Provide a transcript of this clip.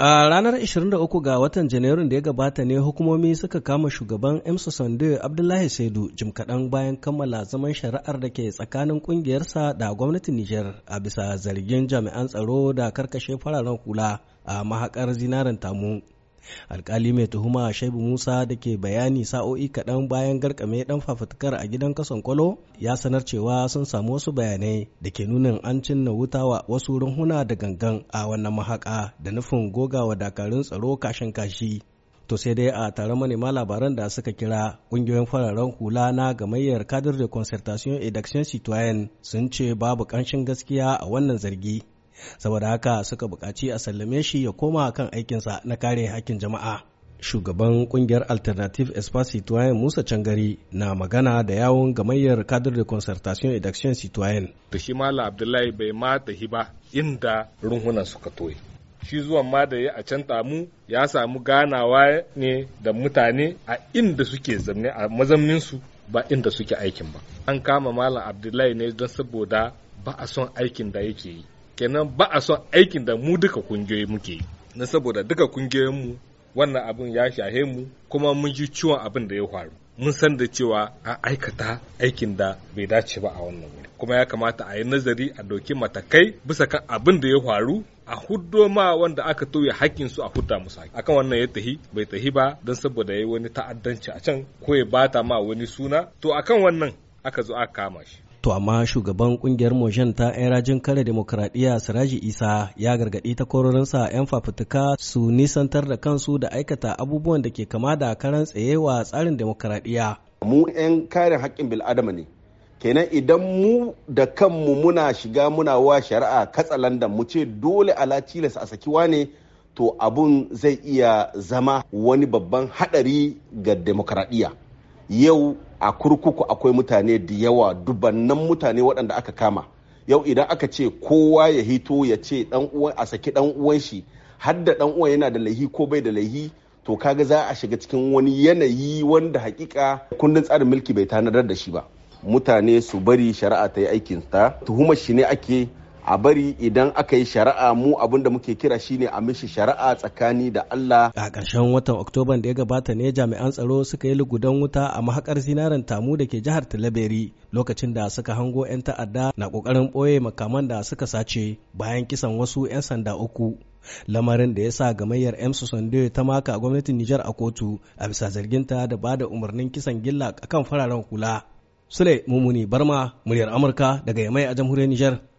A ranar 23 ga watan Janairun da ya gabata ne hukumomi suka kama shugaban Emsa Sande Abdullahi Saidu jim kaɗan bayan kammala zaman shari'ar da ke tsakanin ƙungiyarsa da gwamnatin Nijar a bisa zargin jami'an tsaro da karkashe fararen hula a mahakar zinaren tamu. alkali mai tuhuma shaibu musa da ke bayani sa'o'i kaɗan bayan garkame ɗan fafutukar a gidan kason kwalo ya sanar cewa sun samu wasu bayanai da ke nunin an cinna wuta wasu runhuna da gangan a wannan mahaƙa, da nufin goga wa dakarun tsaro kashin kashi to sai dai a taron manema labaran da suka kira kungiyoyin fararen hula na gamayyar kadar da concertation et d'action sun ce babu ƙanshin gaskiya a wannan zargi saboda haka suka buƙaci a sallame shi ya koma kan aikinsa na kare hakkin jama'a shugaban kungiyar alternative espace citoyen musa cangari na magana da yawon gamayyar kadar da concertation et d'action citoyen da shi mala abdullahi bai ma tahi ba inda runhunan suka toye shi zuwan ma da ya a can tamu ya samu ganawa ne da mutane a inda suke zamne a mazamninsu ba inda suke aikin ba an kama malam abdullahi ne don saboda ba a son aikin da yake yi kenan ba a son aikin da mu duka kungiyoyi muke yi na saboda duka mu wannan abin ya shahe mu kuma mun ji ciwon abin da ya faru mun san da cewa a aikata aikin da bai dace ba a wannan wuri kuma ya kamata a yi nazari a dauki matakai bisa kan abin da ya faru a huddo ma wanda aka toye hakkin su a hudda musu haƙƙi akan wannan ya tahi bai tahi ba don saboda yayi wani ta'addanci a can ko ya bata ma wani suna to akan wannan aka zo aka kama shi To amma shugaban kungiyar Mojan ta 'yan rajin kare demokradiyya Siraji Isa ya gargaɗi ta kororinsa 'yan fafutuka su nisantar da kansu da aikata abubuwan da ke kama da karan tsaye wa tsarin demokradiyya. Mu 'yan kare haƙƙin bil'adama ne. Kenan idan mu da kanmu muna shiga muna wa shari'a katsalandan mu ce dole ala tilas a saki wane to abun zai iya zama wani babban haɗari ga demokradiyya. yau a kurkuku akwai mutane da yawa dubannan mutane waɗanda aka kama yau idan aka ce kowa ya hito ya ce a saki ɗan uwan shi har ɗan uwan yana da laihi ko bai da laihi to kaga za a shiga cikin wani yanayi wanda hakika kundin tsarin mulki bai tanadar da shi ba mutane su bari shari'a ta yi aikin tuhumar shi ne ake a bari idan aka yi shari'a mu abin da muke kira shine a mishi shari'a tsakani da Allah. A ƙarshen watan Oktoban da ya gabata ne jami'an tsaro suka yi lugudan wuta a mahakar zinaren tamu da ke jihar Talaberi lokacin da suka hango 'yan ta'adda na ƙoƙarin ɓoye makaman da suka sace bayan kisan wasu 'yan sanda uku. lamarin da ya sa gamayyar emsu Sande ta maka gwamnatin nijar a kotu a bisa ta da ba da umarnin kisan gilla akan fararen hula sule mumuni barma muryar amurka daga yamai a jamhuriyar nijar